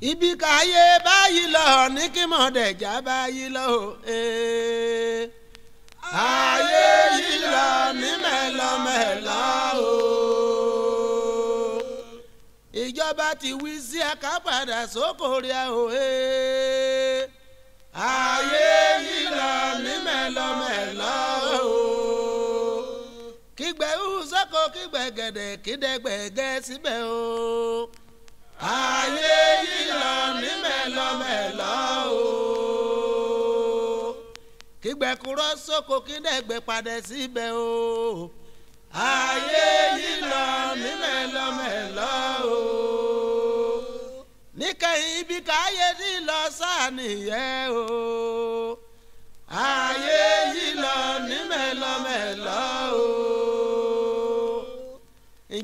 ibi káyé báyìí lọ ní kí mọ̀dẹ̀já báyìí lọ o. Eh. ayé yìí lọ ní mẹ́lọ́mẹ́lọ́ o. ìjọba ti wí sí akápadà sókòrè o. Eh. ayé yìí lọ ní mẹ́lọ́mẹ́lọ́ o. kígbẹ́ hù sọ́kò kígbẹ́ gẹ̀dẹ̀ kídẹ́gbẹ́ gẹ́ síbẹ̀ o ayé yìí lọ ní mẹ́lọ́mẹ́lọ́ o. kígbẹ́kúrọ́ sóko kíndẹ̀gbẹ́ padà síbẹ̀ o. ayé yìí lọ ní mẹ́lọ́mẹ́lọ́ o. níkẹyìn ibi káyé ní lọ sáà nìyẹn o.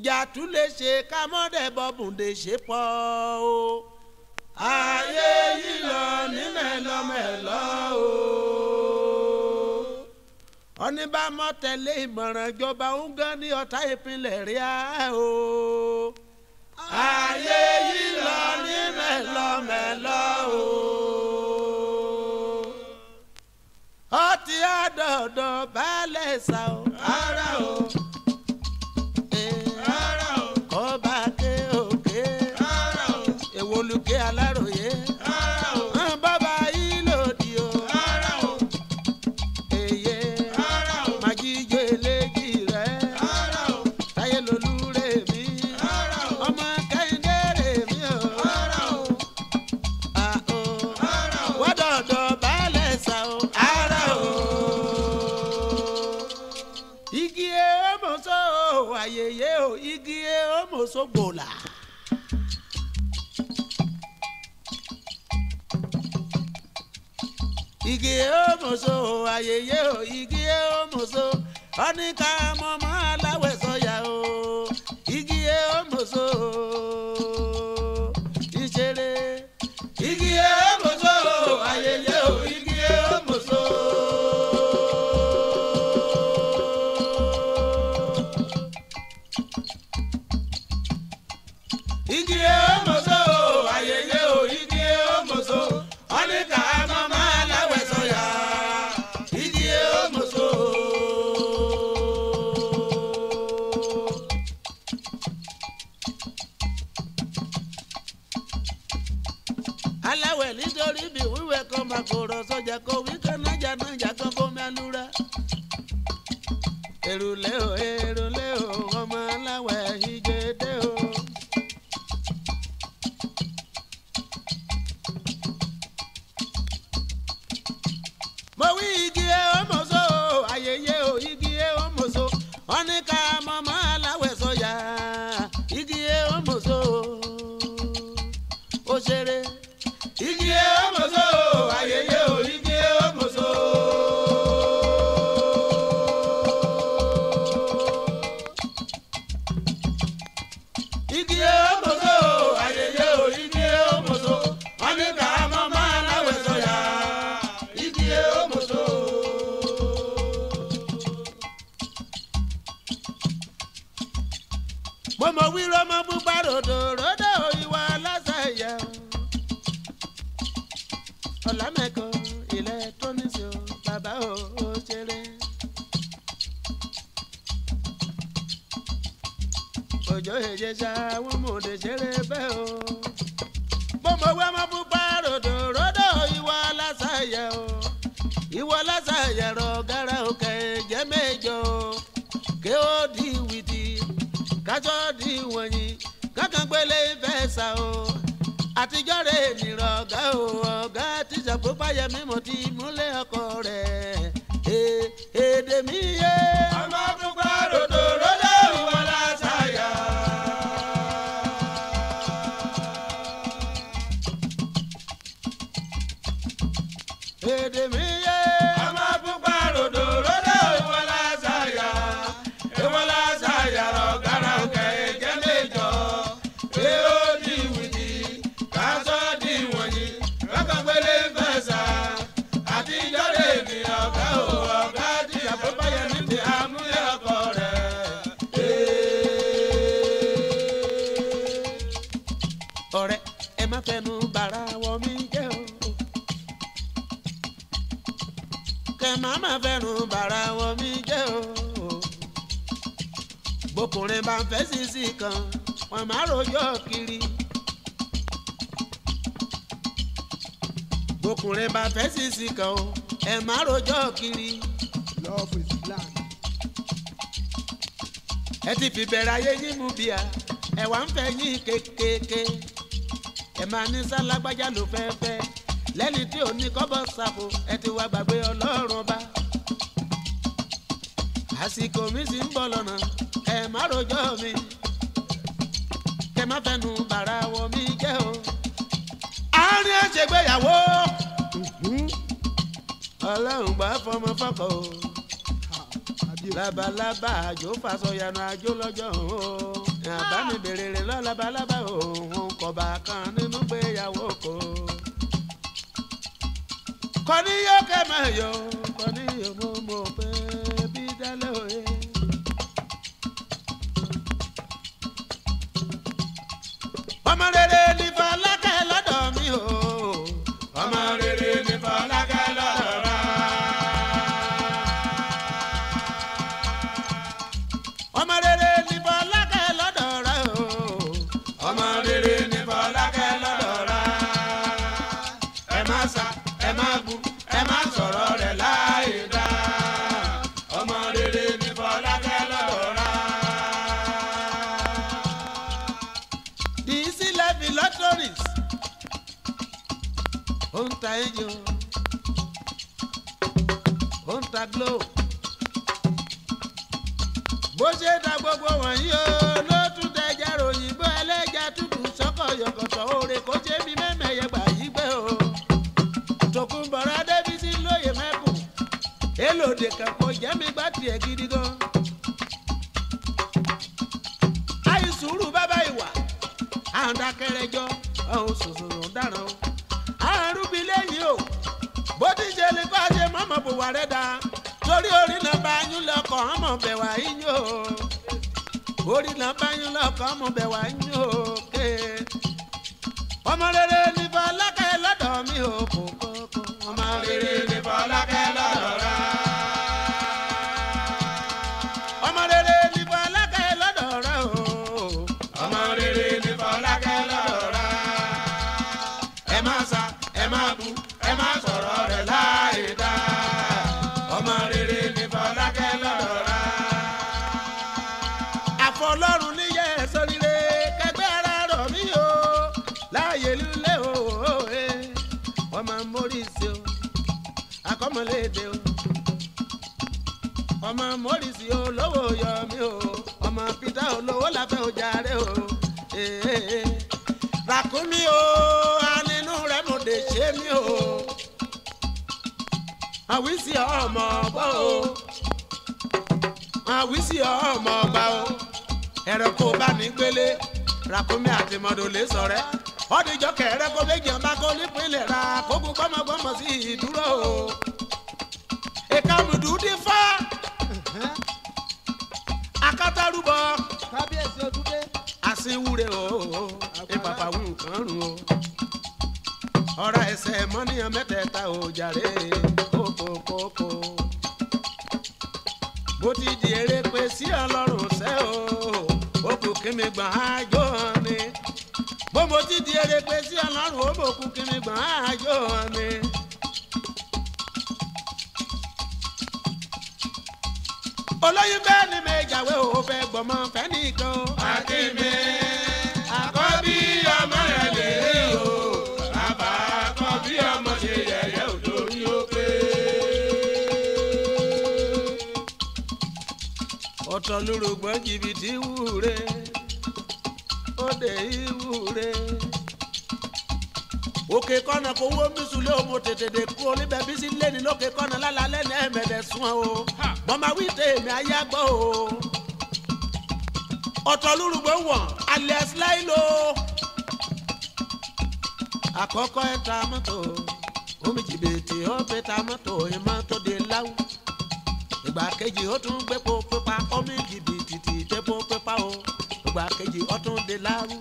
ìjà tún lè ṣe ká mọ́dẹ̀ bọ́bùndé ṣe pọ̀ o. ayé yìí lọ nímẹ̀lọ́mẹ̀lọ́ o. ọní bá mọ́ tẹ̀lé ìmọ̀ràn ìjọba ń gán ní ọ̀tá ìpínlẹ̀ ríà o. ayé yìí lọ nímẹ̀lọ́mẹ̀lọ́ o. ọtí àdọ̀dọ̀ baálẹ̀ sá o. ara o. sógbòlà. igi ó mọ̀ọ́sọ ayẹyẹ ó igi ó mọ̀ọ́sọ ọ́nìkà mọ́mọ́ aláwẹ̀ èrùlé òye. igi ego ọjọ́ èjèjà wọn mò lè ṣeré bẹ́ẹ̀ o. mo mọ̀ wẹ́ mọ́ pupa ròdò ròdò ìwọ lásàyẹ̀ o ìwọ lásàyẹ̀ rọ̀ gàrà òkè jẹ́ mẹ́jọ ké ó di wìtì kájọ́ di wọ̀nyí kankan gbélé fẹ́ sà o àtijọ́ rẹ̀ nìrọ̀ ọ̀gá o ọ̀gá tíṣà pupa yẹ mímọ́ ti múlẹ̀ ọkọ̀. dẹnu bàrà wọn mi jẹ́ o. bọkùnrin bá ń fẹ́ sísì kan wọn máa rojọ́ kiri. bọkùnrin bá fẹ́ sísì kan o ẹ máa rojọ́ kiri. love is blind. ẹ ti fi bẹ̀rẹ̀ ayé yín mú bíà ẹ wá ń fẹ́ yín kékeré ẹ máa ní sálágbájá ló fẹ́ fẹ́ lẹ́ni tí ò ní kọ́bọ̀ ṣàkó ẹ ti wá gbàgbé ọlọ́run ọba àsìkò mi sì ń bọ̀ lọ́nà ẹ má rojọ́ mi kẹ má fẹnu bàrà wọ mi jẹ́ o. àárín àṣegbéyàwó ọlọ́run bá fọmọ fọkọ o labalábá àjò fasọyanu àjò lọ́jọ́ o àbámi bèrè rẹ̀ lọ́ labalábá òun kọba kan nínú gbéyàwó kò kọ́ni yóò kẹ́ máa kọ́ni yóò mú mọ́ pé. Saturday. bó ṣe ta gbogbo wọ̀nyí o ló tún tẹja ròyìn bó ẹlẹ́ja tútù sọ́kọ̀ yọ̀kọ̀tọ̀ òre kó ṣe bí mẹ́mẹ́yẹ gbà yí gbé o. tòkunbọ̀rọ̀ adébísí lóye mẹ́kùn elòdè kẹ̀kọ́ mi gbá tiẹ̀ gidi gan. àyè sùúrù bàbá ìwà àǹdàkẹrẹjọ ọ̀hún sòsòrò dáràn. àrùn bí lẹ́yìn o bó ti ṣe lè kọ́ àṣẹ mọ́mọ́ bò wà rẹ̀ dáa lọ́kọ̀ ọmọ bẹ̀ wá yín o orí làbáyín lọ́kọ̀ ọmọ bẹ̀ wá yín o ọmọ rere ni. ọmọléde o ọmọ mọ́rìsì olówó yọmí o ọmọ peter olówó láfẹ́ ojàre o ràkúnmí o anínú rẹ mo dé ṣe mí o àwísí ọmọ ọgbọ́ o àwísí ọmọ ọgbà o ẹ̀rọ kó bá ní gbélé ràkúnmí àti mọ́dọ̀ lè sọ̀rẹ́ ọdún ìjọ kẹrẹ kó méjì ọba kó nípínlẹ̀ ra kókó gbọmọgbọmọ sí ìdúró o odù dífá akátárúbọ àsìnwúre o ìpàpà nǹkan rùn o ọ̀rá ẹsẹ̀ mọ́níyàn mẹ́tẹ̀ẹ̀ta ò jàre kókókókó bó ti di eré sí ọlọ́run ṣẹ́ o ó kù kí mi gbọ̀n ájò ni bó mo ti di eré pé sí ọlọ́run ó bò kù kí mi gbọ̀n olóyún bẹ́ẹ̀ ni méjàwé ò fẹ́ gbọ́mọ fẹ́ nìkan. akínmi àkọ́bí ọmọ rẹ̀ lèrè o bàbá àkọ́bí ọmọ ṣe yẹ̀yẹ́ ò lórí ó pé. ọ̀tọ̀ lórúgbọ́n jìbìtì wúre òde ìwúre òkè kọ́nà kò wó mísù lé o mo tètè dé kú oníbẹ̀ bí sí lé ní lókè kọ́nà lálálẹ́ ní ẹ̀mẹ̀dẹ̀ sùn o mọ̀mọ́ wí tèmi ayé gbọ́ o ọ̀tọ̀ lórúkọ wọ̀n alias láìlò àkọ́kọ́ ẹ̀ ta mọ́tò omi jìbìtì ó fi ta mọ́tò ìmọ̀ tó de láwù ìgbà kejì ó tún gbépo pípa omi jìbìtì ti dépo pípa o ìgbà kejì ó tún de láwù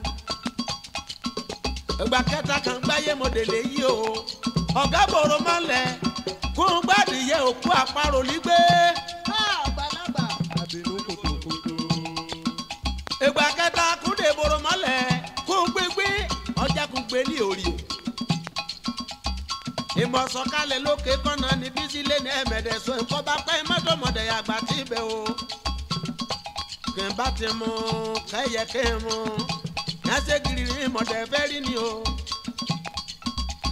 ìgbà kẹta kan gbáyé mọ̀dẹ̀lẹ̀ yìí o ọ̀gá bòrò mọ́lẹ̀ kó ń gbádìí yẹ òkú àparò lígbé. gbé ní orí ìmọ̀ sọ̀kalẹ̀ lókè kọ́nà ní bísí lé ní ẹ̀mẹ̀dẹ̀ so nǹkan bá pẹ́ mọ́tòmọ́dẹ̀ àgbà tí ì bẹ̀ o kì í bá ti mú kẹ́yẹ kí n mú yàtẹ̀ gírì ìmọ̀dẹ̀ fẹ́ rí ni o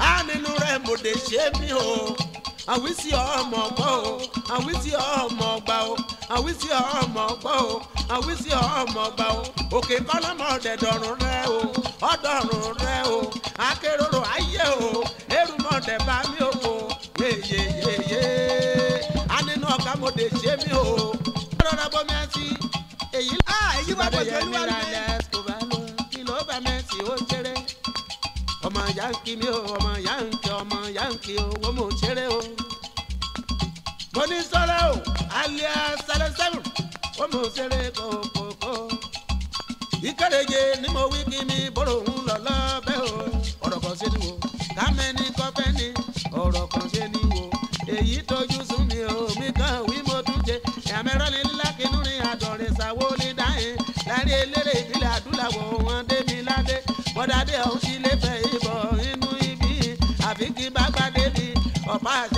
á nínú rẹ̀ mọ̀dẹ̀ ṣé mi o àwísí ọmọ kọ́ o àwí tí ọmọ gbà o àwí tí ọmọ gbọ́ o àwí tí ọmọ gbà o òkè kọ́lọ́mọ dẹ̀dọ̀rùn rẹ o ọ̀dọ̀rùn rẹ o akéròrò ayé o erùmọ̀dẹ̀ bá mi o yeyeyeye anínú ọ̀gá mo dé ṣe mí o rọra bọ́ mi àti èyí ah, èyí wà pẹ̀lú olúwa mi kí ló bá mi tí ó ṣeré ọmọ yankí mi o ọmọ yankí ọmọ yankí o wọ́n mo ṣeré o onísọ̀rọ̀ o àlẹ́ sẹlẹsẹ́mù ó mú sẹ́rẹ̀ kókókó. ìkéréje ni mo wí kí mi bọ́rọ̀ òun lọ lọ́bẹ̀ o ọ̀rọ̀ kan ṣe ni wo kámẹ́ni kọ́fẹ́ ni ọ̀rọ̀ kan ṣe ni wo èyí tójú sùn mi o mi kàn wí mo tún ṣe ìyàmẹ́rọ́ ni lílákinú ni àtọ̀rẹ̀ ṣàwó ní dáhìn láàrin eléré ìbílẹ̀ adúláwọ̀ wọn dé mi ládé bọ́dádé ọ̀hún sí lẹ́fẹ̀ẹ́ ìbọn inú ibi àfi kí bá gbá débi ọ̀pá àṣ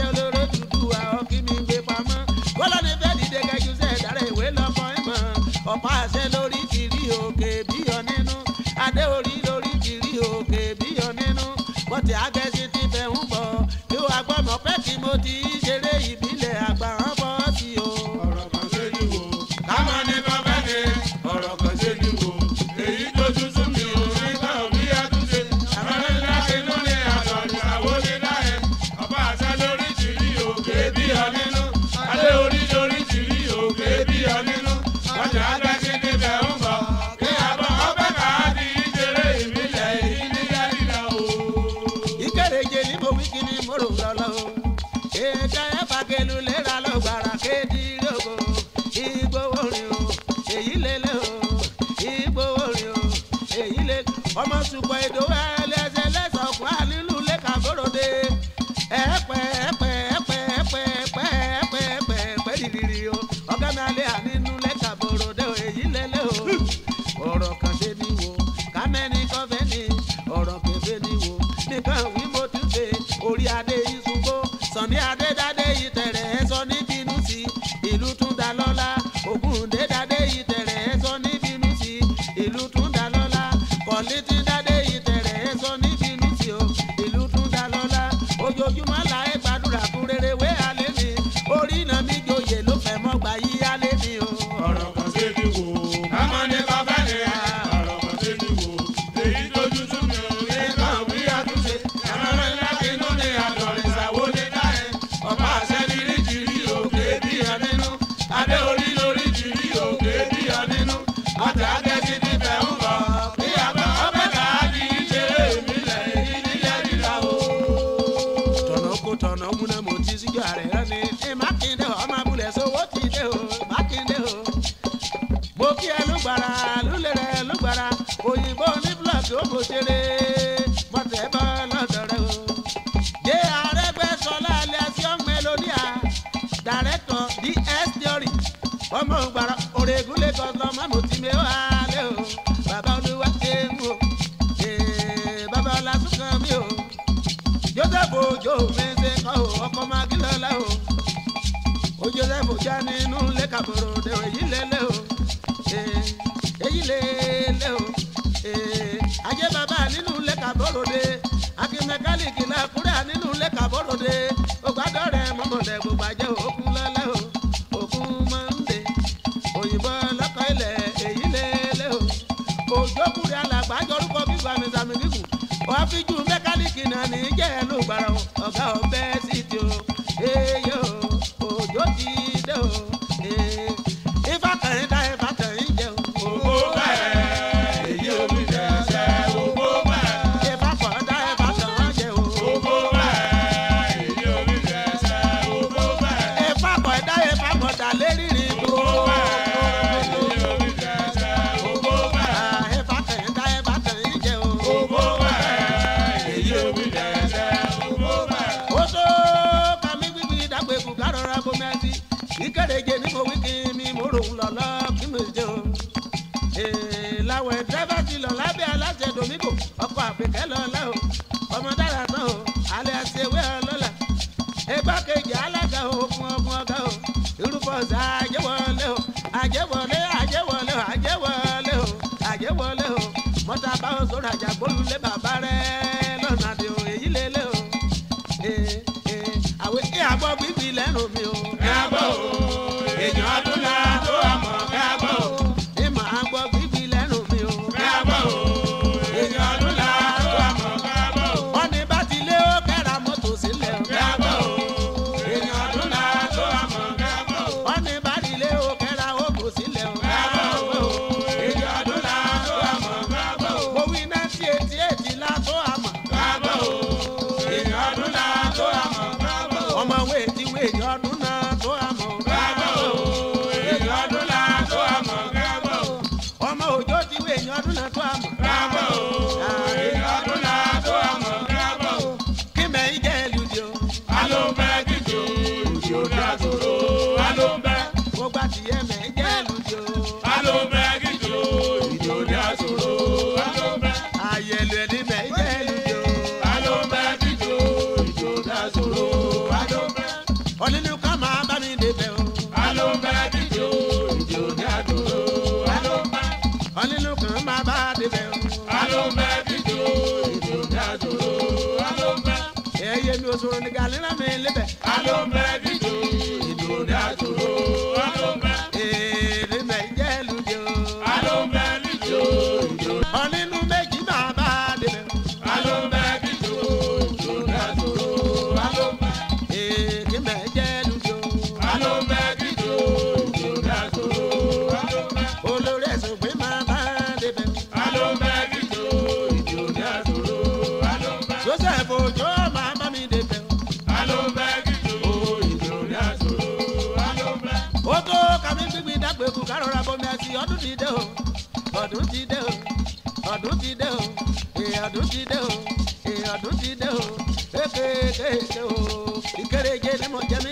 joseph ṣá nínú ilé kàbòròdè èyí lélẹ̀ o èyí lélẹ̀ o ajé bàbá nínú ilé kàbòròdè akínmẹkálíkì náà kúrẹ́ nínú ilé kàbòròdè ògbádọ́rẹ̀ mọ́mọ́lẹ̀ gbogbo ajé òkú. bá àpèkẹ́ lọ́la o ọmọ dára tán o alẹ́ àti ewé ọlọ́la igbákejì alága òkun ọkùn ọgá o irúfọ́ sá àjẹwọlé o àjẹwọlé àjẹwọlé o àjẹwọlé o àjẹwọlé o mọ́tà báwọn àjàgbólulẹ̀ bàbá rẹ̀. ọdún ti dé o ọdún ti dé o ọdún e ti dé o ọdún e ti dé o e kékeré o ìkéréje ni mo jẹ́ mi.